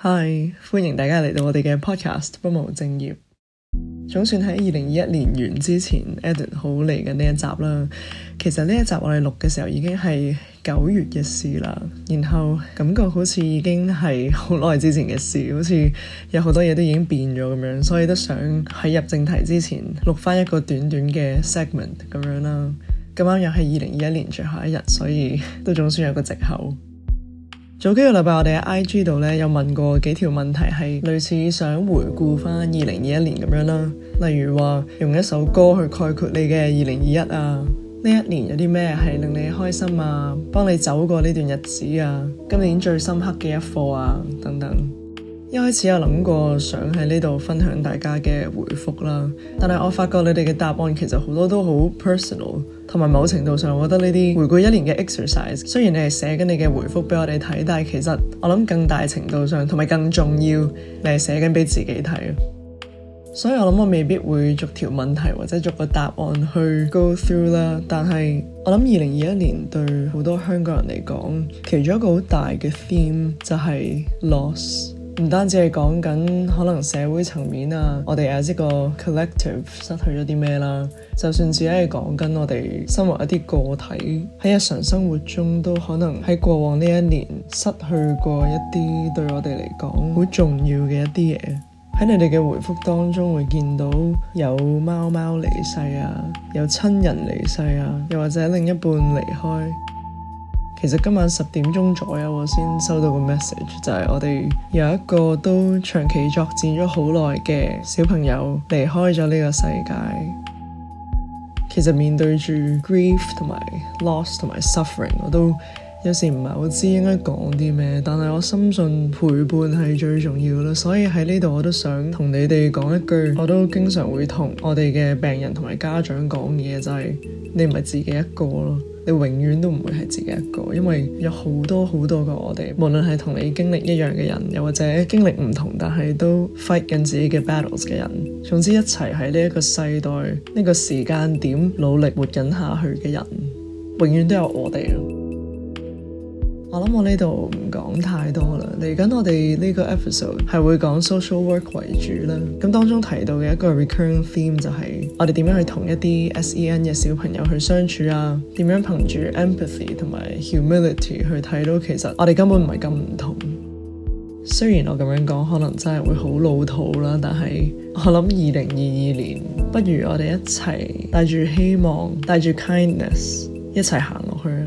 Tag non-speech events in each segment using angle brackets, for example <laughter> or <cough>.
係，Hi, 歡迎大家嚟到我哋嘅 podcast 不務正業，總算喺二零二一年完之前 edit 好嚟緊呢一集啦。其實呢一集我哋錄嘅時候已經係九月嘅事啦，然後感覺好似已經係好耐之前嘅事，好似有好多嘢都已經變咗咁樣，所以都想喺入正題之前錄翻一個短短嘅 segment 咁樣啦。咁啱又係二零二一年最後一日，所以都總算有個藉口。早幾個禮拜，我哋喺 IG 度有問過幾條問題，係類似想回顧返二零二一年咁樣啦。例如話用一首歌去概括你嘅二零二一啊，呢一年有啲咩係令你開心啊，幫你走過呢段日子啊，今年最深刻嘅一課啊，等等。一開始有諗過想喺呢度分享大家嘅回覆啦，但係我發覺你哋嘅答案其實好多都好 personal。同埋某程度上，我覺得呢啲回顧一年嘅 exercise，雖然你係寫緊你嘅回覆俾我哋睇，但係其實我諗更大程度上，同埋更重要，你係寫緊俾自己睇。所以我諗我未必會逐條問題或者逐個答案去 go through 啦。但係我諗二零二一年對好多香港人嚟講，其中一個好大嘅 theme 就係 loss。唔單止係講緊可能社會層面啊，我哋 as 一個 collective 失去咗啲咩啦。就算只係講緊我哋生活一啲個體喺日常生活中，都可能喺過往呢一年失去過一啲對我哋嚟講好重要嘅一啲嘢。喺你哋嘅回覆當中，會見到有貓貓離世啊，有親人離世啊，又或者另一半離開。其實今晚十點鐘左右，我先收到個 message，就係我哋有一個都長期作戰咗好耐嘅小朋友離開咗呢個世界。其實面對住 grief 同埋 loss 同埋 suffering，我都，有時唔係好知道應該講啲咩，但係我深信陪伴係最重要咯。所以喺呢度我都想同你哋講一句，我都經常會同我哋嘅病人同埋家長講嘢，就係、是、你唔係自己一個咯，你永遠都唔會係自己一個，因為有好多好多個我哋，無論係同你經歷一樣嘅人，又或者經歷唔同但係都 fight 緊自己嘅 battles 嘅人，總之一齊喺呢一個世代、呢、這個時間點努力活緊下去嘅人，永遠都有我哋。我諗我呢度唔講太多啦。嚟緊我哋呢個 episode 係會講 social work 為主啦。咁當中提到嘅一個 recurrent theme 就係我哋點樣去同一啲 SEN 嘅小朋友去相處啊？點樣憑住 empathy 同埋 humility 去睇到其實我哋根本唔係咁唔同。雖然我咁樣講可能真係會好老土啦，但係我諗二零二二年不如我哋一齊帶住希望、帶住 kindness 一齊行落去啊！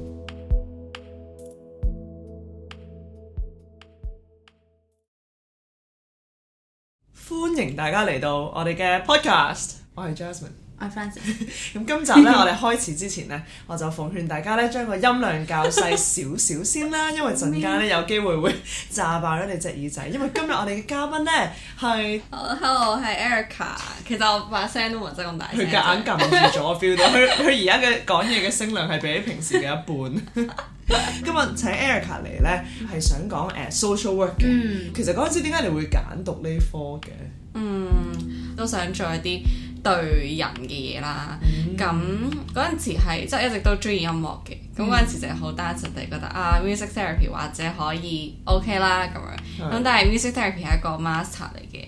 大家嚟到我哋嘅 podcast，我係 Jasmine，I'm Francis。咁 <laughs> 今集咧，我哋開始之前咧，我就奉勸大家咧，將個音量校細少少先啦， <laughs> 因為陣間咧有機會會炸爆咗你隻耳仔。因為今日我哋嘅嘉賓咧係，Hello，係 Erika。其實我把聲都唔係真咁大，佢夾硬撳住咗，feel <laughs> 到佢佢而家嘅講嘢嘅聲量係比起平時嘅一半。 <laughs> 今日請 Erika 嚟咧，係想講誒、uh, social work 嘅。其實嗰陣時，點解你會揀讀呢科嘅？嗯，都想做一啲對人嘅嘢啦。咁嗰陣時係即係一直都中意音樂嘅。咁嗰陣時就係好單純哋覺得啊，music therapy 或者可以 OK 啦，咁樣。咁、mm hmm. 但係 music therapy 係一個 master 嚟嘅。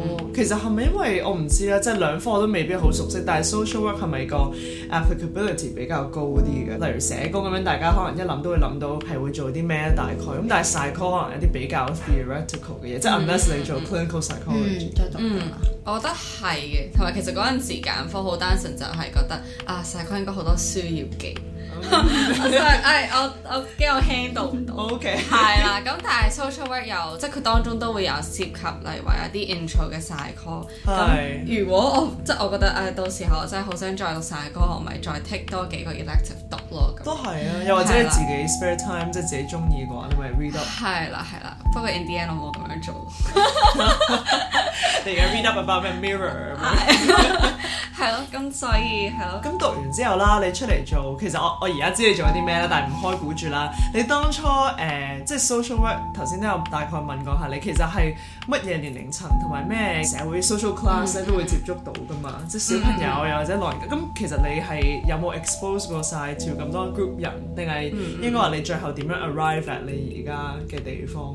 Oh. 其實係咪因為我唔知咧，即係兩科我都未必好熟悉，但係 social work 係咪個 applicability 比較高啲嘅？Oh. 例如社工咁樣，大家可能一諗都會諗到係會做啲咩大概。咁但係 psychology 可能有啲比較 theoretical 嘅嘢，mm hmm. 即係 unless 你做 clinical psychology，mm hmm. 嗯，嗯，我覺得係嘅。同埋其實嗰陣時揀科好單純，就係覺得啊 psychology 應該好多書要記。我我我驚我 handle 唔到。OK，係啦，咁但係 social work 又即係佢當中都會有涉及，例如話一啲 intro 嘅 psycho。咁如果我即係我覺得誒，到時候我真係好想再讀 psycho，我咪再 take 多幾個 elective 讀咯。都係啊，又或者自己 spare time 即係自己中意嘅話，你咪 read up。係啦，係啦，不過 in the end 我冇咁樣做。你嘅 read up about my mirror？咁樣係咯，咁所以係咯。咁讀完之後啦，你出嚟做，其實我我而家知你做咗啲咩啦，但係唔開估住啦。你當初誒、呃、即係 social work，頭先都有大概問過下你，其實係乜嘢年齡層同埋咩社會 social class 都會接觸到噶嘛？嗯、即係小朋友又、嗯、或者老人家。咁其實你係有冇 expose 過曬 to 咁多 group 人，定係應該話你最後點樣 arrive at 你而家嘅地方？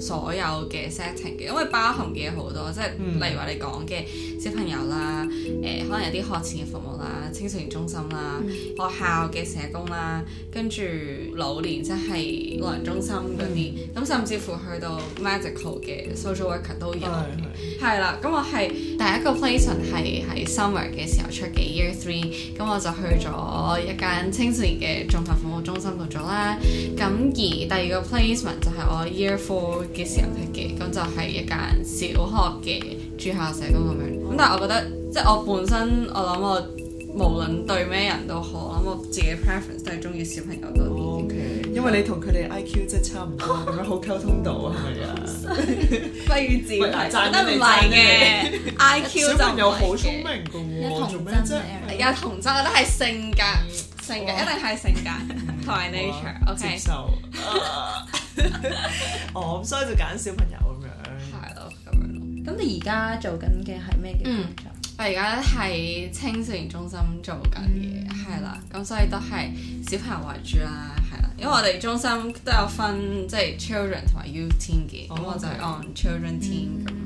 所有嘅 setting 嘅，因為包含嘅嘢好多，即係、嗯、例如話你講嘅小朋友啦，誒、呃、可能有啲學前嘅服務啦、青少年中心啦、嗯、學校嘅社工啦，跟住老年即係、就是、老人中心嗰啲，咁、嗯、甚至乎去到 medical 嘅 social worker 都有，係啦、嗯。咁我係第一個 placement 係喺 summer 嘅時候出嘅 year three，咁我就去咗一間青少年嘅綜合服務中心度做啦。咁而第二個 placement 就係我 year four。嘅時候食嘅，咁就係一間小學嘅住校社工咁樣。咁但係我覺得，即係我本身，我諗我無論對咩人都好，我諗我自己 preference 都係中意小朋友多啲。O K，因為你同佢哋 I Q 即係差唔多，咁樣好溝通到啊，係咪啊？幼稚，賺得唔係嘅 I Q。小朋友好聰明嘅喎。做家同有童真，都係性格，性格一定係性格，同埋 nature。O K。接受。 <laughs> 哦，咁所以就揀小朋友咁樣，係咯，咁樣咯。咁你而家做緊嘅係咩嘅工作？我而家係青少年中心做緊嘢，係啦、嗯，咁所以都係小朋友為主啦，係啦。因為我哋中心都有分即係、就是、children 同埋 youth team 嘅，咁、哦、我就係 on children team、嗯嗯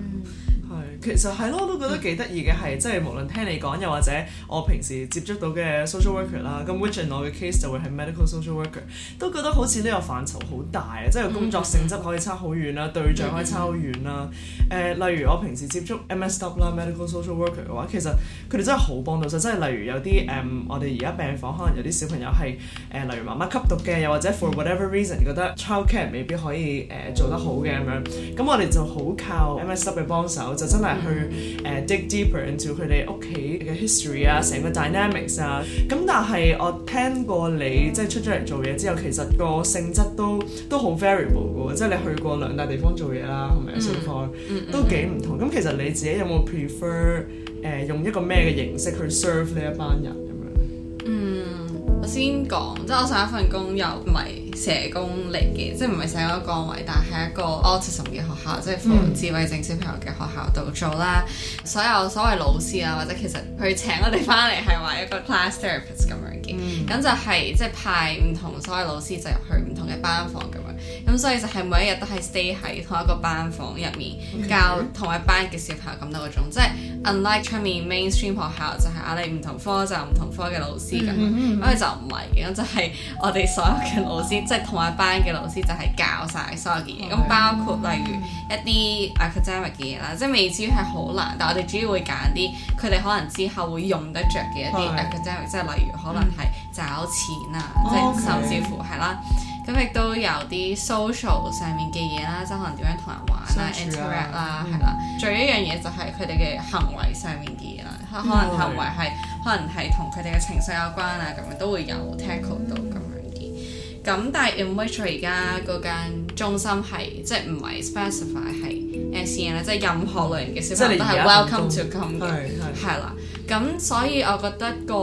其實係咯，我都覺得幾得意嘅係，即係無論聽你講，又或者我平時接觸到嘅 social worker 啦，咁 which in 我嘅 case 就會係 medical social worker，都覺得好似呢個範疇好大啊！即係工作性質可以差好遠啦，Okay. 對象可以差好遠啦。誒、 <laughs> 呃，例如我平時接觸 MSW 啦，medical social worker 嘅話，其實佢哋真係好幫到手。即係例如有啲誒、呃，我哋而家病房可能有啲小朋友係誒、呃，例如媽媽吸毒嘅，又或者 for whatever reason 覺得 child care 未必可以誒、呃、做得好嘅咁樣，咁我哋就好靠 MSW 嘅幫手，就真係～去誒、uh, dig deeper into 佢哋屋企嘅 history 啊、mm，成、hmm. 個 dynamics 啊，咁但係我聽過你即係、就是、出咗嚟做嘢之後，其實個性質都都好 variable 嘅喎，即、就、係、是、你去過兩大地方做嘢啦，同埋啊，雙、hmm. 方？嗯、mm hmm. 都幾唔同。咁其實你自己有冇 prefer 誒、呃、用一個咩嘅形式去 serve 呢一班人咁樣？Mm hmm. 嗯，我先講，即係我上一份工又唔係。社工嚟嘅，即係唔係社工崗位，但係一個 autism 嘅學校，即係志智障小朋友嘅學校度做啦。嗯、所有所謂老師啊，或者其實佢請我哋翻嚟係話一個 class therapist 咁樣嘅，咁、嗯、就係即係派唔同所謂老師就入去唔同嘅班房咁樣。咁所以就係每一日都係 stay 喺同一個班房入面，教同一班嘅小朋友咁多個即係。unlike 出面 mainstream 學校就係啊，你唔同科就唔同科嘅老師咁，咁佢、mm hmm, mm hmm. 就唔係咁，就係、是、我哋所有嘅老師，即係、mm hmm. 同一班嘅老師就係教晒所有嘅嘢，咁 Okay. 包括例如一啲 academic 嘅嘢啦，即、就、係、是、未至於係好難，但係我哋主要會揀啲佢哋可能之後會用得着嘅一啲 academic，即係、mm hmm. 例如可能係找錢啊，即係甚至乎係啦。咁亦都有啲 social 上面嘅嘢啦，即係可能點樣同人玩啦，interact 啦，係啦。仲有一樣嘢就係佢哋嘅行為上面嘅嘢啦，可能行為係對 可能係同佢哋嘅情緒有關啊，咁、嗯、樣都會有 tackle 到咁樣嘅。咁但係 in which 而家間中心係，即係唔係 specify 係，SEN 咧，即係任何類型嘅小朋友都係 welcome to come 嘅，係啦。咁所以我覺得個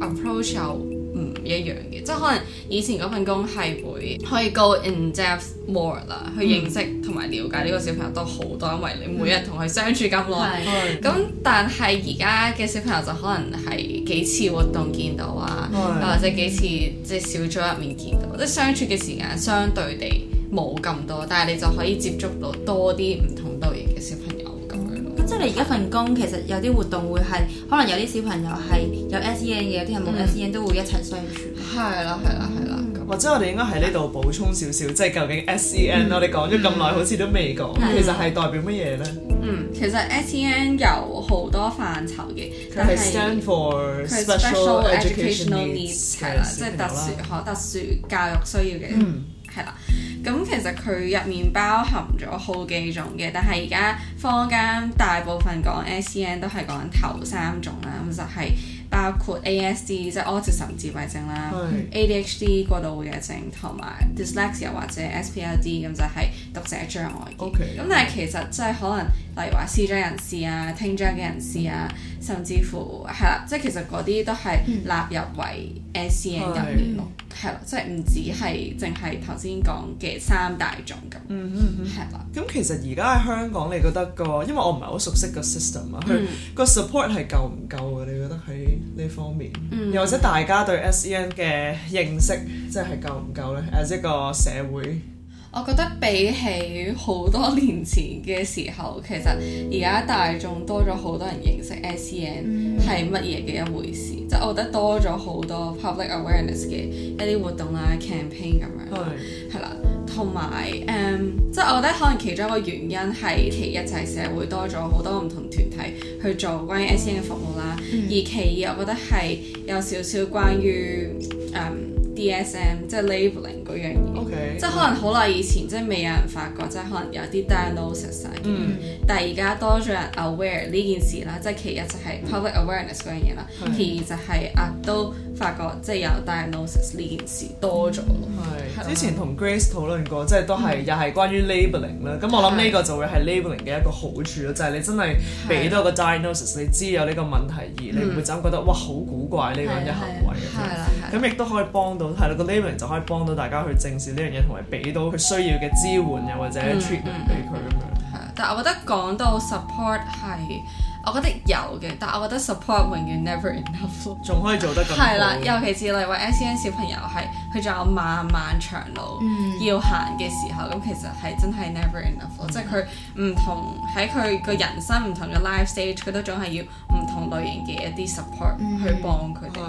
approach 又唔一樣。即係可能以前嗰份工係會可以 go in depth more 啦、嗯，去認識同埋了解呢個小朋友都好多，因為你每日同佢相處咁耐。咁是但係而家嘅小朋友就可能係幾次活動見到啊，又、嗯、或者幾次即係小組入面見到，嗯、即係相處嘅時間相對地冇咁多，但係你就可以接觸到多啲唔同類型嘅小朋友咁樣咯，嗯、即係你而家份工其實有啲活動會係可能有啲小朋友係有 SEN 嘅，有啲係冇 SEN，都會一齊相處。嗯係啦，係啦，係啦。或者、嗯、樣我哋應該喺呢度補充少少，嗯、即係究竟 SEN、嗯、我哋講咗咁耐，好似都未講，嗯、其實係代表乜嘢咧？嗯，其實 SEN 有好多範疇嘅，但係是 stand for special spe educational, educational needs，係啦，即係、就是、特殊學特殊教育需要嘅，係啦、嗯。咁其實佢入面包含咗好幾種嘅，但係而家坊間大部分講 S E N 都係講頭三種啦，就係、是。包括 ASD 即係 autism 自閉症啦，ADHD 過度活躍症同埋 dyslexia 或者 SPLD 咁就係讀寫障礙嘅。OK 咁但係其實即係可能。例如話視障人士啊、聽障嘅人士啊，嗯、甚至乎係啦，即係其實嗰啲都係納入為 SEN 入面咯，係咯、嗯，即係唔止係淨係頭先講嘅三大種咁，係啦、嗯。咁了其實而家喺香港，你覺得個，因為我唔係好熟悉個 system 啊、嗯，佢個 support 係夠唔夠啊？你覺得喺呢方面，又、嗯、或者大家對 SEN 嘅認識夠夠，即係夠唔夠咧？啊，一個社會。我覺得比起好多年前嘅時候，其實而家大眾多咗好多人認識 SEN 係乜嘢嘅一回事，即係、mm hmm. 我覺得多咗好多 public awareness 嘅一啲活動啦、啊、campaign 咁樣，係啦、mm，同埋誒，即係、um, 我覺得可能其中一個原因係其一就係社會多咗好多唔同團體去做關於 SEN 嘅服務啦、啊，mm hmm. 而其二我覺得係有少少關於誒。Um, DSM 即係 labeling 嗰樣嘢，okay，即係可能好耐以前即係未有人發覺，即係可能有啲 diagnosis，但係而家多咗人 aware 呢件事啦，即係其一就係 public awareness 嗰樣嘢啦，其二就係啊都。發覺即係有 diagnosis 呢件事多咗咯。係之前同 Grace 討論過，即係都係又係關於 labeling 咧。咁我諗呢個就會係 labeling 嘅一個好處咯，就係你真係俾到個 diagnosis，你知有呢個問題，而你唔會就咁覺得哇好古怪呢樣嘅行為。係啦，係咁亦都可以幫到，係啦個 labeling 就可以幫到大家去正視呢樣嘢，同埋俾到佢需要嘅支援又或者 treatment 俾佢咁樣。但係我覺得講到 support 係。我覺得有嘅，但我覺得 support 永遠 never enough。仲可以做得咁好。係啦，尤其是例如 SEN 小朋友係佢仲有漫漫長路要行嘅時候，咁其實係真係 never enough，即係佢唔同喺佢個人生唔同嘅 life stage，佢都總係要唔同類型嘅一啲 support <music> 去幫佢哋。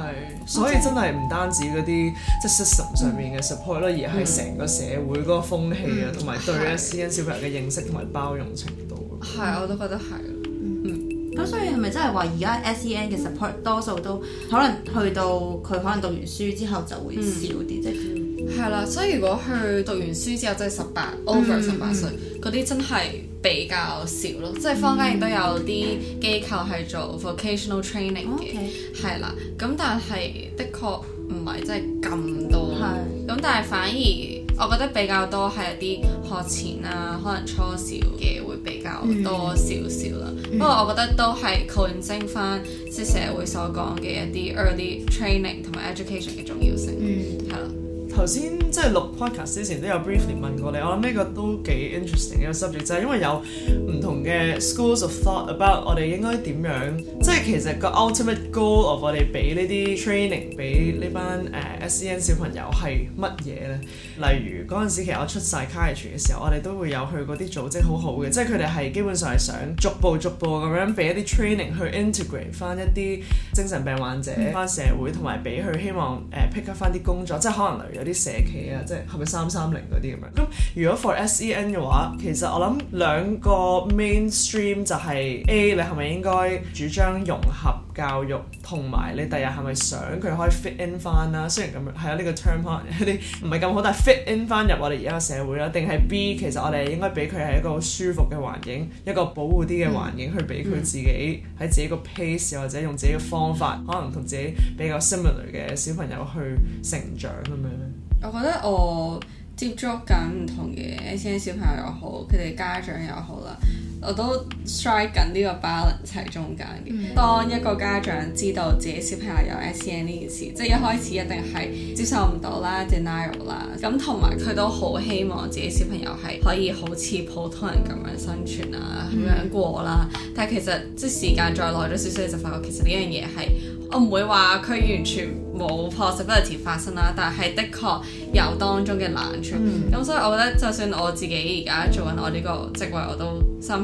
所以真係唔單止嗰啲即係 system 上面嘅 support 啦， <music> 而係成個社會嗰個風氣啊，同埋 <music> 有對 SEN 小朋友嘅認識同埋包容程度。係，我都覺得係。 <music> <music> 咁所以係咪真係話而家 SEN 嘅 support 多數都可能去到佢可能讀完書之後就會少啲，啫、嗯？係係啦。所以、嗯、如果去讀完書之後即係十八 over 十八歲嗰啲、嗯、真係比較少咯。嗯、即係坊間亦都有啲機構係做 vocational training 嘅，係、嗯 okay. 啦。咁但係的確唔係真係咁多。咁是但係反而。我覺得比較多係一啲學前啊，可能初小嘅會比較多少少啦。嗯嗯、不過我覺得都係強調翻即社會所講嘅一啲 early training 同埋 education 嘅重要性，嗯，係啦。頭先即錄 podcast 之前都有 briefly 問過你，我諗呢個都幾 interesting 嘅 subject，就係因為有唔同嘅 schools of thought about 我哋應該點樣，即其實個 ultimate goal of 我哋俾呢啲 training 俾呢班誒 SEN 小朋友係乜嘢咧？例如嗰陣時其實我出晒 psychiatry 嘅時候，我哋都會有去嗰啲組織好好嘅，即係佢哋係基本上係想逐步逐步咁樣俾一啲 training 去 integrate 翻一啲精神病患者翻社會，同埋俾佢希望誒、呃、pick up 翻啲工作，即係可能例如有啲社企啊，即係係咪三三零嗰啲咁樣。咁如果 for SEN 嘅話，其實我諗兩個 mainstream 就係、是、A，你係咪應該主張融合？教育同埋你第日係咪想佢可以 fit in 翻啦？雖然咁樣係啊，呢個 term 可能啲唔係咁好，但係 fit in 翻入我哋而家嘅社會啦。定係 B，其實我哋應該俾佢係一個舒服嘅環境，一個保護啲嘅環境、嗯、去俾佢自己喺、嗯、自己個 pace 或者用自己嘅方法，可能同自己比較 similar 嘅小朋友去成長咁樣。我覺得我接觸緊唔同嘅 ASD 小朋友又好，佢哋家長又好啦。我都 strike 緊呢個 balance 喺中間嘅。當一個家長知道自己小朋友有 SEN 呢件事，即係一開始一定係接受唔到啦、denial 啦。咁同埋佢都好希望自己小朋友係可以好似普通人咁樣生存啊、咁樣過啦。但係其實即係時間再耐咗少少，你就發覺其實呢樣嘢係，我唔會話佢完全冇 possibility 發生啦。但係的確有當中嘅難處。咁所以我覺得就算我自己而家做緊我呢個職位，我都心。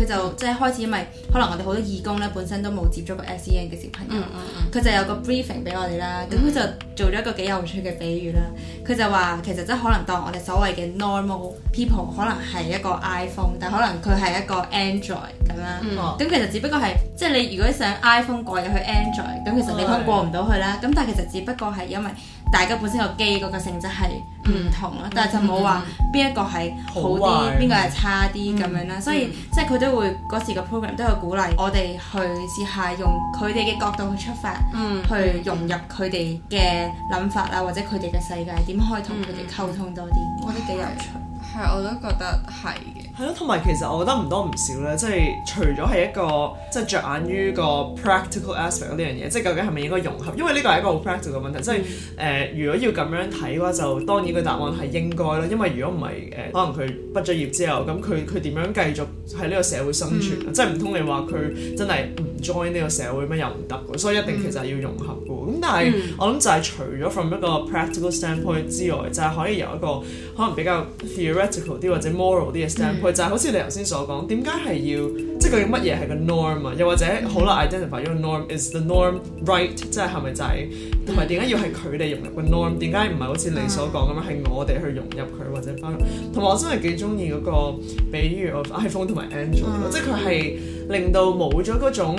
佢就即係開始，因為可能我哋好多義工咧，本身都冇接觸過 SEN 嘅小朋友。佢、嗯嗯嗯、就有個 briefing 俾我哋啦。咁佢就做咗一個幾有趣嘅比喻啦。佢就話其實即係可能當我哋所謂嘅 normal people 可能係一個 iPhone，但可能佢係一個 Android 咁樣。咁、嗯哦、其實只不過係即係你如果想 iPhone 過入去 Android，咁其實你都過唔到去啦。咁是但係其實只不過係因為。大家本身個機個性質係唔同啦，嗯、但係就冇話邊一個係好啲，邊壞個係差啲咁、嗯、樣啦。所以、嗯、即係佢都會嗰時個 program 都有鼓勵我哋去試下用佢哋嘅角度去出發，嗯、去融入佢哋嘅諗法啦，或者佢哋嘅世界點可以同佢哋溝通多啲，嗯、我覺得幾有趣。係，我都覺得係。係咯，同埋其實我覺得唔多唔少咧，即係除咗係一個即係着眼於個 practical aspect 呢樣嘢，即係究竟係咪應該融合？因為呢個係一個好 practical 嘅問題。即係誒、呃，如果要咁樣睇嘅話，就當然個答案係應該啦。因為如果唔係誒，可能佢畢咗業之後，咁佢佢點樣繼續喺呢個社會生存？嗯、即係唔通你話佢真係？嗯 join 呢個社會咩又唔得嘅，所以一定其實係要融合嘅。咁、mm. 但係、mm. 我諗就係除咗 from 一個 practical standpoint 之外，就係、是、可以由一個可能比較 theoretical 啲或者 moral 啲嘅 standpoint，、mm. 就係好似你頭先所講，點解係要？即係佢乜嘢係個 norm 啊？又或者好啦，identify 呢個 norm is the norm right？即係係咪就係同埋點解要係佢哋融入個 norm？點解唔係好似你所講咁樣係我哋去融入佢或者翻？同埋我真係幾中意個個、嗯，比喻 of iPhone 同埋 Android 咯，即係佢係令到冇咗種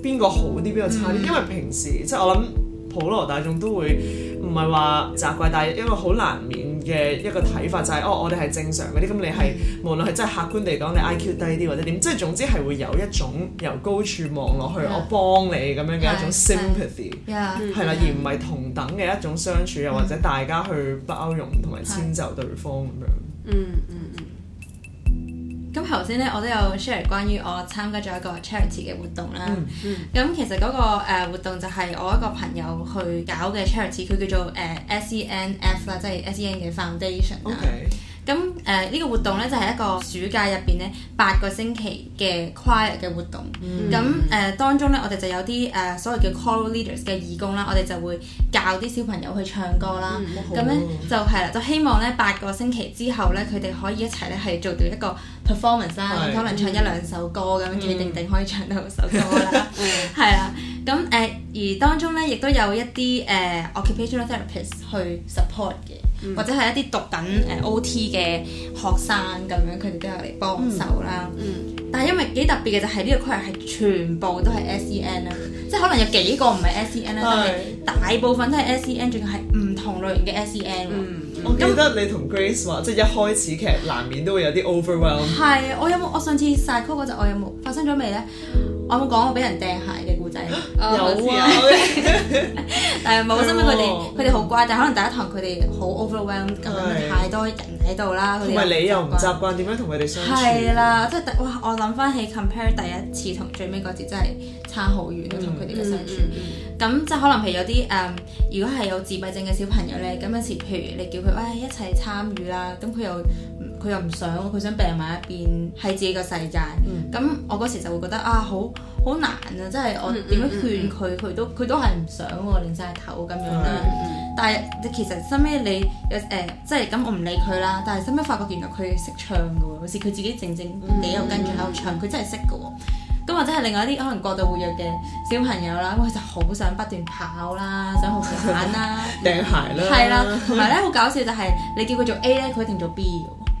邊個好啲邊個差啲，嗯、因為平時即係我諗普羅大眾都會唔係話責怪大一，但因為好難免。嘅一個睇法就係、是 mm. 哦，我哋係正常嗰啲，咁你係、mm. 無論係真係客觀地講，你 IQ 低啲或者點，即係總之係會有一種由高處望落去，Yeah. 我幫你咁樣嘅一種 sympathy，係啦，而唔係同等嘅一種相處，又 Yeah. 或者大家去包容同埋遷就對方咁樣。嗯嗯。咁頭先咧，我都有 share 關於我參加咗一個 charity 嘅活動啦。咁、嗯嗯、其實嗰個活動就係我一個朋友去搞嘅 charity，佢叫做誒 SENF 啦，即係 SEN 嘅 foundation 啦。Okay. 咁誒呢個活動咧就係一個暑假入邊咧八個星期嘅 choir 嘅活動。咁誒當中咧我哋就有啲誒所謂嘅 choir leaders 嘅義工啦，我哋就會教啲小朋友去唱歌啦。咁咧、嗯、就係啦，就希望咧八個星期之後咧佢哋可以一齊咧係做到一個 performance 啦對、啊，可能唱一兩首歌咁，定定定可以唱到首歌啦。係啦， <laughs> 咁、嗯、誒 <laughs> 而當中咧亦都有一啲誒 occupational therapist 去 support 嘅。或者係一啲讀緊誒 OT 嘅學生咁樣，佢哋都有嚟幫手啦。嗯嗯、但係因為幾特別嘅就係、是、呢個 course 係全部都係 S E N 啦，即係可能有幾個唔係 S E N 啦，但係大部分都係 S E N，仲係唔同類型嘅 S E N、嗯。嗯、我記得、嗯、你同 Grace 話，即係一開始其實難免都會有啲 overwhelm。係、啊，我有冇我上次晒 call 嗰陣，我有冇發生咗未咧？我有冇講我俾人掟鞋嘅？哦、有啊， <laughs> 但係冇，因為佢哋佢哋好乖，但係可能第一堂佢哋好 overwhelm 咁樣的太多人喺度啦，同埋你又唔習慣點樣同佢哋相處，係啦、嗯，即係哇！我諗翻起 compare 第一次同最尾嗰次真係差好遠同佢哋嘅相處，咁即係可能譬如有啲誒、呃，如果係有自閉症嘅小朋友咧，咁有時譬如你叫佢喂、哎，一齊參與啦，咁佢又。佢又唔想，佢想病埋一邊喺自己個世界。咁我嗰時就會覺得啊，好好難啊！即係我點樣勸佢，佢都佢都係唔想喎，擰曬頭咁樣。但係其實收尾你誒，即係咁，我唔理佢啦。但係收尾發覺原來佢識唱嘅喎，好似佢自己靜靜地又跟住喺度唱，佢真係識嘅喎。咁或者係另外一啲可能過度活躍嘅小朋友啦，佢就好想不斷跑啦，想好玩啦，掟鞋啦，係啦，同埋咧好搞笑就係你叫佢做 A 咧，佢一定做 B。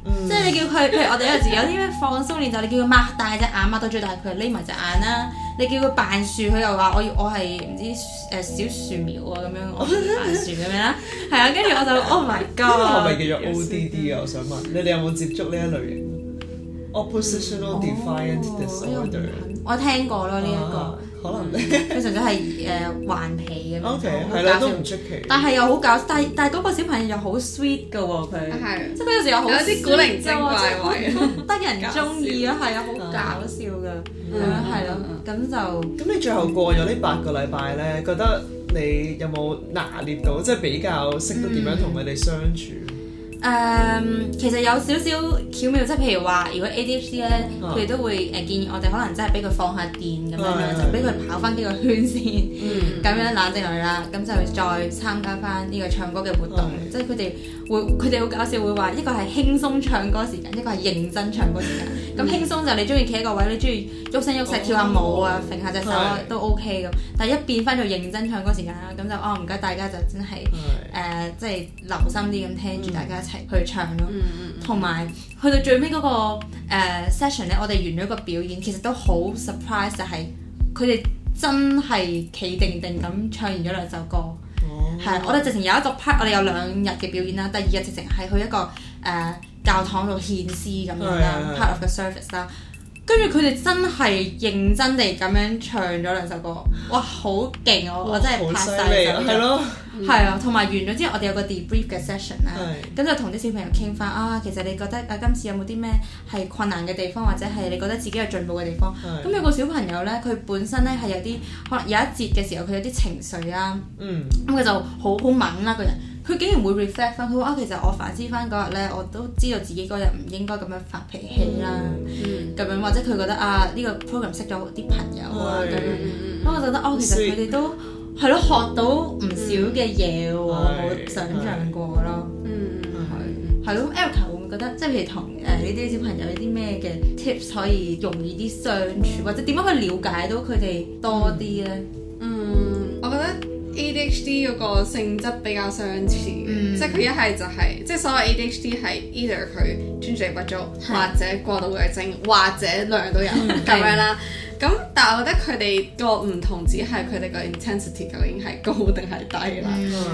<noise> 即係你叫佢，譬如我哋有時有啲咩放鬆練習， <laughs> 你叫佢擘大隻眼，擘到最大，佢又匿埋隻眼啦。你叫佢扮樹，佢又話我要我係唔知誒、呃、小樹苗啊咁樣，我扮樹咁 <laughs> 樣啦。係啊，跟住我就 <laughs> ，Oh my god！呢個係咪叫做 O.D.D. 啊？我想問你哋有冇接觸呢一類型？Oppositional defiant disorder 我聽過啦，呢一個可能咧，佢純粹係誒頑皮嘅，O K 係啦，都唔出奇。但係又好搞笑，但係但係嗰個小朋友又好 sweet 嘅喎，佢係即係有時有啲古靈精怪，得人中意啊，係啊，好搞笑㗎，係咯，咁就咁你最後過咗呢八個禮拜咧，覺得你有冇拿捏到，即係比較識得點樣同佢哋相處？誒，um, 嗯、其實有少少巧妙，即係譬如話，如果 ADHD 咧，佢哋、啊、都會誒、呃、建議我哋可能真係俾佢放下電咁、嗯、樣，就俾佢跑翻幾個圈先，咁、嗯、樣冷靜落去啦，咁之、嗯、後再參加翻呢個唱歌嘅活動，即係佢哋，會佢哋好搞笑，會話一個係輕鬆唱歌時間，一個係認真唱歌時間。咁輕鬆就你中意企喺個位，你中意喐身喐勢跳下舞啊，揈、oh. oh. oh. 下隻手啊，都 OK 咁。但係一變翻就認真唱歌時間啦，咁就哦唔該大家就真係誒即係留心啲咁聽住大家一齊去唱咯。同埋去到最尾嗰、那個誒 session 咧，我哋完咗個表演，其實都好 surprise 就係佢哋真係企定定咁唱完咗兩首歌。係， <noise> 我哋直情有一個 part，我哋有兩日嘅表演啦。第二日直情係去一個誒、uh, 教堂度獻詩咁樣啦，part of the service 啦。跟住佢哋真係認真地咁樣唱咗兩首歌，哇！好勁哇我，我真係拍曬手、啊，係咯。 <noise> <noise> 係啊，同埋完咗之後，我哋有個 debrief 嘅 session 啦，咁就同啲小朋友傾翻啊，其實你覺得啊今次有冇啲咩係困難嘅地方，或者係你覺得自己有進步嘅地方？咁有個小朋友咧，佢本身咧係有啲可能有一節嘅時候，佢有啲情緒啊，咁佢就好好猛啦個人，佢竟然會 reflect 翻，佢話啊其實我反思翻嗰日咧，我都知道自己嗰日唔應該咁樣發脾氣啦，咁樣或者佢覺得啊呢個 program 識咗啲朋友啊，咁樣，咁我就覺得哦其實佢哋都。係咯，學到唔少嘅嘢喎，冇想象過咯。嗯嗯，係係咁，Erika 會唔會覺得即係同誒呢啲小朋友有啲咩嘅 tips 可以容易啲相處，或者點樣去了解到佢哋多啲咧？嗯，我覺得 ADHD 嗰個性質比較相似，即係佢一係就係即係所謂 ADHD 係 either 佢專注力不足，或者過度嘅精，或者兩樣都有咁樣啦。咁，但係我覺得佢哋個唔同只係佢哋個 intensity 究竟係高定係低啦，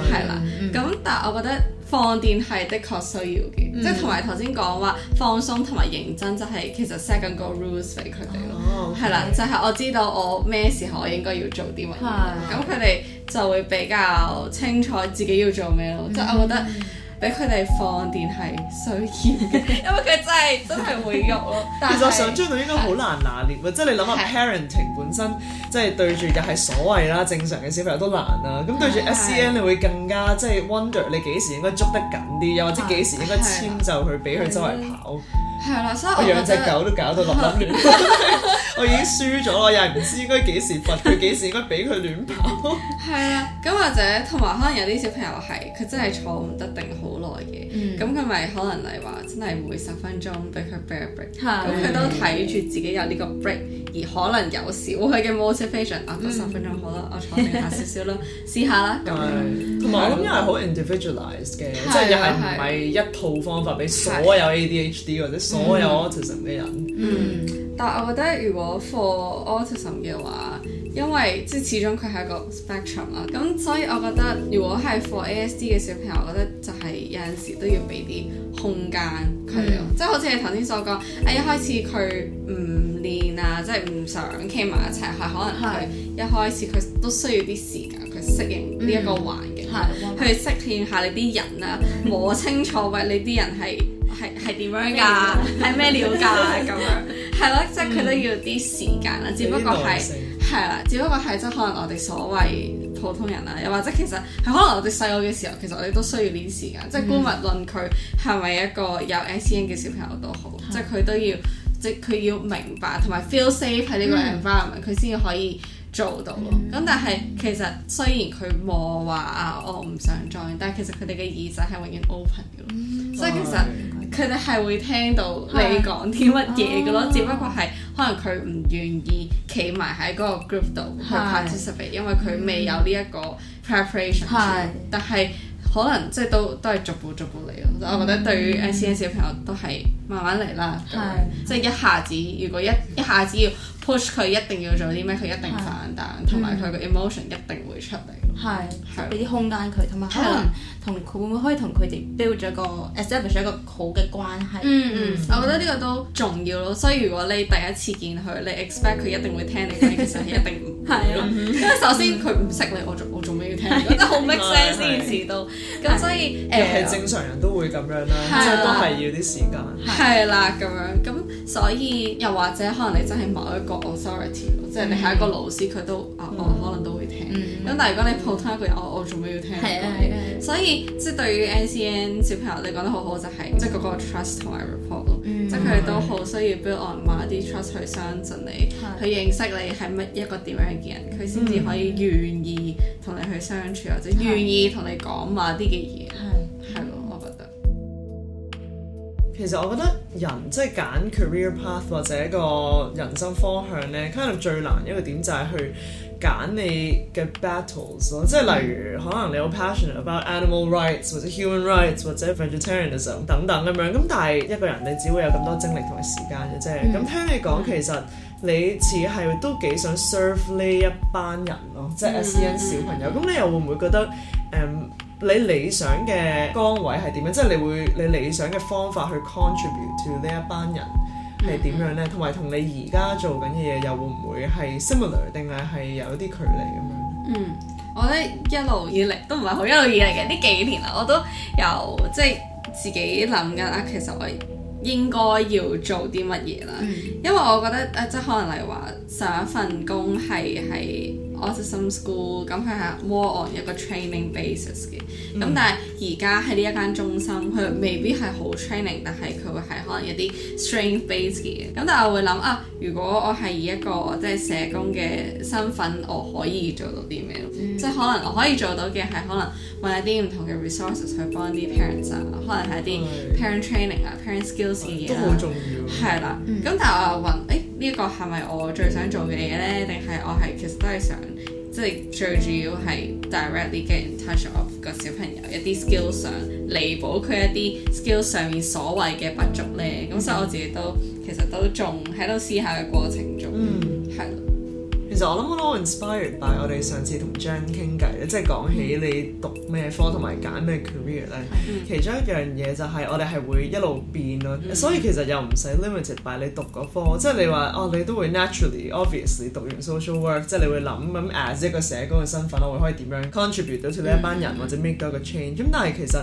係啦。咁，但係我覺得放電係的確需要嘅，嗯、即係同埋頭先講話放鬆同埋認真就係、是、其實 set 緊個 rules 俾佢哋咯，係啦、哦 okay，就係、是、我知道我咩時候我應該要做啲乜嘢，咁佢哋就會比較清楚自己要做咩咯，即係、嗯、我覺得。嗯俾佢哋放電係需要，因為佢真係真係會喐咯。但其實上中度應該好難拿捏，即係 <laughs> 你諗下 parenting 本身即係、就是、對住嘅係所謂啦，正常嘅小朋友都難啦、啊。咁 <laughs> 對住 SEN，你會更加即係、就是、wonder 你幾時應該捉得緊啲，又或者幾時應該遷就佢俾佢周圍跑。 <laughs> <laughs> <laughs> 係啦，所以我養隻狗都搞到立立亂，我已經輸咗我又係唔知應該幾時罰佢，幾時應該俾佢亂跑。係啊，咁或者同埋可能有啲小朋友係佢真係坐唔得定好耐嘅，咁佢咪可能嚟話真係每十分鐘俾佢 break，咁佢都睇住自己有呢個 break，而可能有時佢嘅 motivation 啊，十分鐘好啦，我坐定下少少啦，試下啦咁樣。同埋我諗又係好 individualised 嘅，即係又係唔係一套方法俾所有 ADHD 或者。所、mm. 有 Autism 嘅人，嗯，mm. 但係我覺得如果 for Autism 嘅話，因為即係始終佢係一個 spectrum 啦，咁所以我覺得如果係 for ASD 嘅小朋友，我覺得就係有陣時都要俾啲空間佢咯，mm. 即係好似你頭先所講，誒，一開始佢唔練啊，即係唔想企埋一齊，係可能佢一開始佢都需要啲時間、mm. 去適應呢一個環境，係去適應下你啲人啊，mm. 摸清楚喂 <laughs> 你啲人係。係點樣㗎？係咩料㗎？咁樣係咯， <laughs> <laughs> 即係佢都要啲時間啦。只不過係係啦，只不過係即係可能我哋所謂普通人啦，又或者其實係可能我哋細個嘅時候，其實我哋都需要啲時間。即係姑勿論佢係咪一個有 SEN 嘅小朋友都好，嗯、即係佢都要即佢、就是、要明白同埋 feel safe 喺呢個 environment，佢先、嗯、可以。做到咯，咁但係其實雖然佢冇話啊，我、哦、唔想 join，但係其實佢哋嘅耳仔係永遠 open 嘅，嗯、所以其實佢哋係會聽到你講啲乜嘢嘅咯，嗯哎、只不過係可能佢唔願意企埋喺嗰個 group 度去 participate，、嗯、因為佢未有呢一個 preparation，、嗯、但係。可能即係都都係逐步逐步嚟咯，嗯、我覺得對於、SEN 小朋友都係慢慢嚟啦。係、嗯、對即係一下子，如果一一下子要 push 佢，一定要做啲咩，佢一定反彈，同埋佢、嗯、個 emotion 一定會出嚟。係，俾啲空間佢，同埋可能同佢會唔會可以同佢哋 build 咗個 establish 一個好嘅關係。嗯嗯，我覺得呢個都重要咯。所以如果你第一次見佢，你 expect 佢一定會聽你，其實係一定唔係咯。因為首先佢唔識你，我做我做咩要聽你？真係好 make sense 呢件事都。咁所以誒，係正常人都會咁樣啦，即係都係要啲時間。係啦，咁樣咁，所以又或者可能你真係某一個 authority，即係你係一個老師，佢都啊，我可能都會聽。咁但係如果你普通一個人，我我做咩要聽？係啊，係，所以即係、就是、對於 N.C.N 小朋友，你講得好好就係、是，即係個 trust 同埋 report 咯。即係佢哋都好需要 build on 埋啲 trust 去相信你，是的 去認識你係乜一個點樣嘅人，佢先至可以願意同你去相處，是的 或者願意同你講埋啲嘅嘢。係係咯，我覺得。其實我覺得人即係揀 career path 或者一個人生方向咧，可能最難一個點就係去。揀你嘅 battles 咯，即係例如、mm hmm. 可能你好 passionate about animal rights 或者 human rights 或者 vegetarianism 等等咁樣，咁但係一個人你只會有咁多精力同埋時間嘅啫。咁、mm hmm. 聽你講，其實你似係都幾想 serve 呢一班人咯，mm hmm. 即係是 SEN 小朋友。咁、hmm. 你又會唔會覺得誒、um, 就是，你理想嘅崗位係點樣？即係你會你理想嘅方法去 contribute to 呢一班人？係點樣咧？同埋同你而家做緊嘅嘢又會唔會係 similar 定係係有啲距離咁樣？嗯，我覺得一路以嚟都唔係好，一路以嚟嘅呢幾年啦，我都有即係自己諗緊啊，其實我應該要做啲乜嘢啦？ <laughs> 因為我覺得誒、呃，即係可能例如話上一份工係係。Autism School，咁佢係 more on 一個 training basis 嘅。咁、嗯、但係而家喺呢一間中心，佢未必係好 training，但係佢會係可能有啲 strength based 嘅。咁但係我會諗啊，如果我係以一個即係社工嘅身份，我可以做到啲咩？即係、嗯、可能我可以做到嘅係可能揾一啲唔同嘅 resources 去幫啲 parents 啊，可能係一啲、嗯、parent training 啊、嗯、，parent skills 嘅嘢都好重要。係啦的，咁、嗯、但係我又揾誒。欸呢個係咪我最想做嘅嘢呢？定係我係其實都係想，即係最主要係 directly get in touch of 個小朋友一啲 skill 上，彌補佢一啲 skill 上面所謂嘅不足呢？咁、mm hmm. 所以我自己都其實都仲喺度思考嘅過程中，係、mm。Hmm. 其實我諗我都 inspired by 我哋上次同 John 傾偈即係講起你讀咩科同埋揀咩 career 咧。Hmm. 其中一樣嘢就係我哋係會一路變咯，mm hmm. 所以其實又唔使 limited by 你讀嗰科。即係你話哦，你都會 naturally obviously 讀完 social work，即係你會諗咁，as 一個社工嘅身份，我會可以點樣 contribute 到 to 呢一班、mm hmm. 人或者 make 到一個 change。咁但係其實。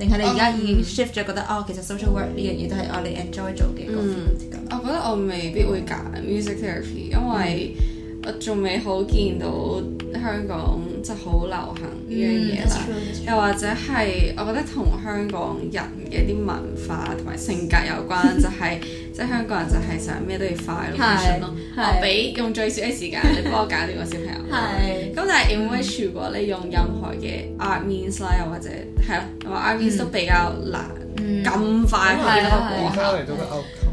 定係你而家已經 shift 咗覺得哦，其實 social work 呢樣嘢都係我哋 enjoy 做嘅個、嗯呢個、我覺得我未必會揀 music therapy，因為我仲未好見到香港即係好流行呢樣嘢啦。嗯、that's true, that's true, 又或者係我覺得同香港人嘅啲文化同埋性格有關， <laughs> 就係、係。即係香港人就係成日咩都要快咯，想咯，我俾用最少嘅時間你幫我搞掂個小朋友。係，咁但係 image 嘅話，你用任何嘅 AI means 啦，又或者係咯，同埋 AI means 都比較難咁快。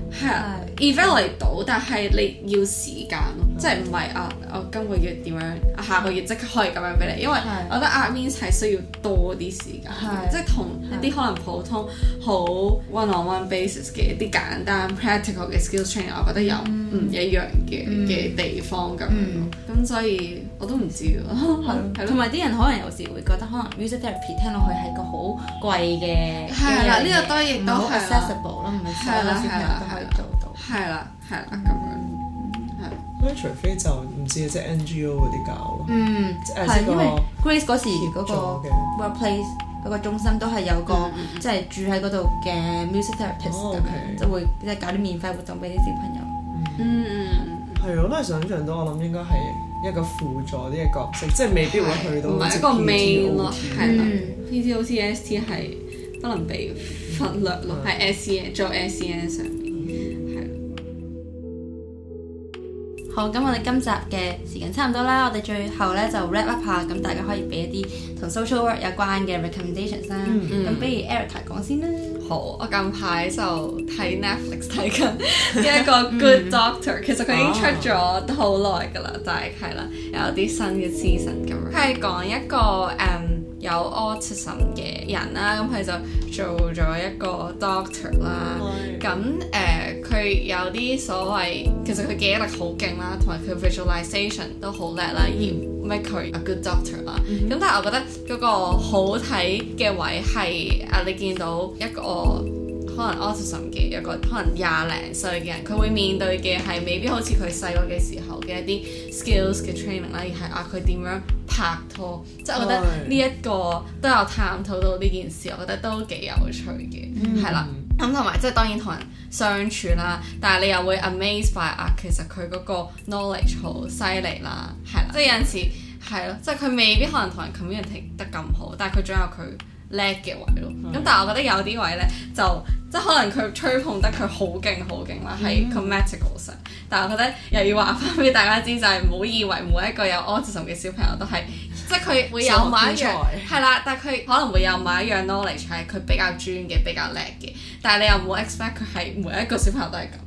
係啊，evaluate 到，但係你要時間咯。即係唔係啊？我今個月點樣？下個月即刻可以咁樣俾你，因為我覺得 earnings 係需要多啲時間，即係同一啲可能普通好 one-on-one basis 嘅一啲簡單 practical 嘅 skills training，我覺得有唔一樣嘅嘅地方咁樣。咁所以我都唔知啊。同埋啲人可能有時會覺得可能 music therapy 聽落去係個好貴嘅係啦，呢個當然亦都 accessible 啦，唔係所有小朋友都可以做到。係啦，係啦咁。咁除非就唔知即係 N G O 嗰啲搞咯，嗯，即係呢個 Grace 嗰時嗰個 workplace 嗰個中心都係有個，即係住喺嗰度嘅 music therapist 咁就會，即係搞啲免費活動俾啲小朋友。嗯嗯嗯，係咯，都係想象到，我諗應該係一個輔助啲嘅角色，即係未必會去到一個個未咯。係咯。係 P T O T S T 係，不能被忽略咯，係 S E N 做 S E N 上。好，咁我哋今集嘅時間差唔多啦，我哋最後咧就 wrap up 下，咁大家可以俾一啲同 social work 有關嘅 recommendations 啦。咁、mm hmm. 不如 Erika 講先啦。好，我近排就睇 Netflix 睇緊 <laughs> 一個 Good Doctor， <laughs> 嗯、其實佢已經出咗好耐噶啦，就係係啦，有啲新嘅 season 咁樣。佢係講一個誒。Um, 有 autism 嘅人啦，咁佢就做咗一個 doctor 啦。咁誒，佢、 <music> 呃、有啲所謂，其實佢記憶力好勁啦，同埋佢 visualization 都好叻啦，mm hmm. 而 make 佢 a good doctor 啦、mm。咁、hmm. 但係我覺得嗰個好睇嘅位係啊，你見到一個。可能 autism 嘅一個可能廿零歲嘅人，佢會面對嘅係未必好似佢細個嘅時候嘅一啲 skills 嘅 training 啦，嗯、而係啊佢點樣拍拖，嗯、即係我覺得呢、這、一個都有探討到呢件事，我覺得都幾有趣嘅，係啦、嗯。咁同埋即係當然同人相處啦，但係你又會 amazed by 啊，其實佢嗰個 knowledge 好犀利啦，係啦、嗯，即係有陣時係咯，即係佢未必可能同人 community 得咁好，但係佢仲有佢叻嘅位咯，咁但係我覺得有啲位咧，就即係可能佢吹捧得佢好勁好勁啦，係、mm hmm. commercials 上，但係我覺得又要話翻俾大家知就係唔好以為每一個有 autism 嘅小朋友都係，即係佢會有某一樣，係 <laughs> 啦，但係佢可能會有某一樣 knowledge 係佢比較專嘅、比較叻嘅，但係你又唔好 expect 佢係每一個小朋友都係咁。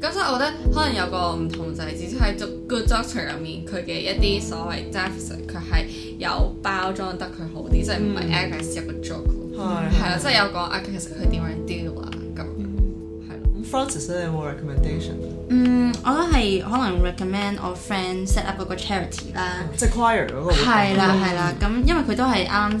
咁所以，我覺得可能有個唔同就係，至少喺做 Good Doctor 入面，佢嘅一啲所謂 deficit 佢係有包裝得佢好啲，即係唔係 just 一個 job 咯。係啦、嗯，即係有講啊，其實佢點樣 do 啊？話咁，係咁 Frances 有冇 recommendation？嗯，我覺得係可能 recommend 我 friend set up 嗰、嗯、個 charity 啦。即係 choir 嗰個。係啦係啦，咁、嗯、因為佢都係啱。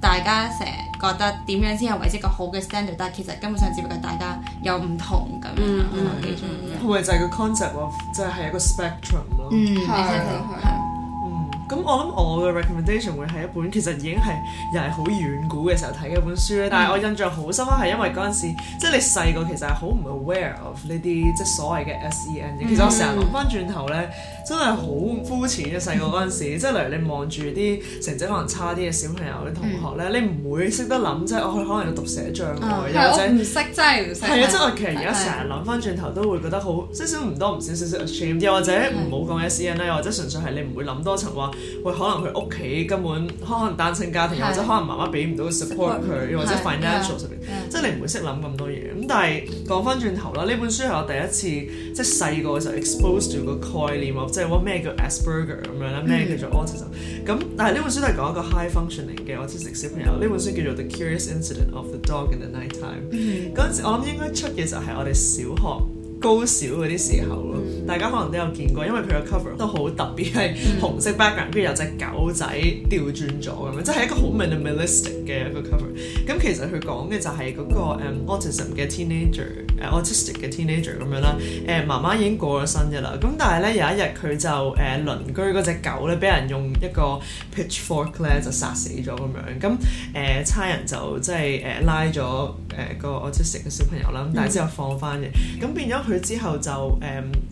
大家成日覺得點樣先係為一個好嘅 standard 但係其實根本上只不過大家有唔同咁、mm hmm. 樣咯，其中、mm。係、hmm. 咪就係個 concept？即係係一個 spectrum 咯、mm。嗯、hmm.，係對。咁我諗我嘅 recommendation 會係一本其實已經係又係好遠古嘅時候睇嘅本書咧，但係我印象好深刻，係因為嗰陣時即係你細個其實係好唔 aware of 呢啲即係所謂嘅 SEN，其實我成日諗翻轉頭咧，真係好膚淺嘅細個嗰陣時， <laughs> 即係例如你望住啲成績可能差啲嘅小朋友啲同學咧，嗯、你唔會識得諗即係哦，佢可能有讀寫障礙喎，又或者唔識真係唔識，係啊，即係我其實而家成日諗翻轉頭都會覺得好少少唔多唔少少少 ashamed 又或者唔好講 SEN 又對對或，或者純粹係你唔會諗多，多層話。會可能佢屋企根本可能單親家庭的或者可能媽媽俾唔到 support 佢，或者 financial 上面的即係你唔會識諗咁多嘢。咁但係講返轉頭啦，呢本書係我第一次即係細個嘅時候 expose to、嗯、個概念即係咩叫 Asperger 咁樣啦，咩叫做 autism 咁、嗯、但係呢本書都係講一個 high functioning 嘅 autistic 小朋友呢、嗯、本書叫做 The Curious Incident of the Dog in the Night-Time 陣時、嗯、我諗應該出嘅就係我哋小學高小嗰啲時候咯，大家可能都有見過，因為佢嘅 cover 都好特別，係紅色 background，跟住有隻狗仔調轉咗咁，那個 um, uh, 樣，即係一個好 minimalistic 嘅一個 cover。咁其實佢講嘅就係嗰個 autism 嘅 teenager，誒 autistic 嘅 teenager 咁樣啦。誒媽媽已經過咗身嘅啦，咁但係咧有一日佢就誒、uh, 鄰居嗰隻狗咧，俾人用一個 pitchfork 咧就殺死咗咁樣，咁誒差人就即係誒拉咗。就是 uh, 誒、呃、個 autistic 嘅小朋友啦，咁但係之後放翻嘅，咁、mm. 變咗佢之後就誒，佢、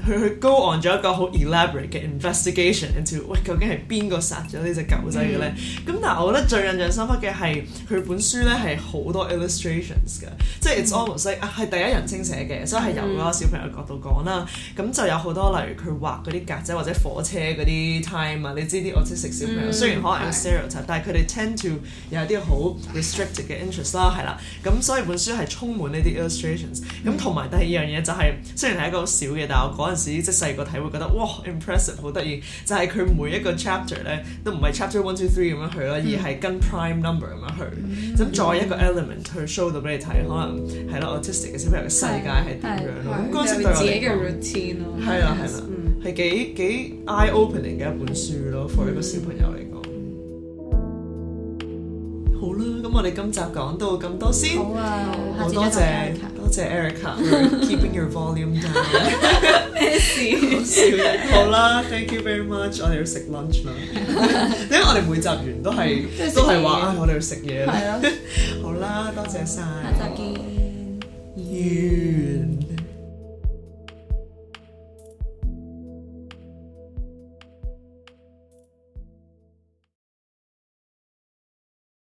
嗯、去 go on 咗一個好 elaborate 嘅 investigation into 喂究竟係邊個殺咗呢隻狗仔嘅咧？咁、mm. 但係我覺得最印象深刻嘅係佢本書咧係好多 illustrations 嘅，mm. 即係 it's almost like 啊係第一人稱寫嘅，所以係由嗰個小朋友角度講啦，咁、mm. 就有好多例如佢畫嗰啲格仔或者火車嗰啲 time 啊，你知啲 autistic 小朋友、mm. 雖然可能係 stereotype 但係佢哋 tend to 有啲好 restricted 嘅 interest 啦、mm，係啦，咁所以。本書係充滿呢啲 illustrations，咁同埋第二樣嘢就係，雖然係一個小嘢，但係我嗰陣時即係細個睇會覺得哇 impressive 好得意，就係佢每一個 chapter 咧都唔係 chapter one two three 咁樣去咯，而係跟 prime number 咁樣去，咁再一個 element 去 show 到俾你睇，可能係咯 autistic 嘅小朋友嘅世界係點樣咯，咁嗰陣時自己嘅 routine 咯，係啦係啦，係幾幾 eye opening 嘅一本書咯，for 一個小朋友嚟講。好啦，咁我哋今集講到咁多先，好啊，好多謝多謝 Erica，Keeping your volume down，咩事？好笑，好啦，Thank you very much，我哋要食 lunch 咯，因為我哋每集完都係都係話，我哋要食嘢啦。好啦，多謝晒，再見。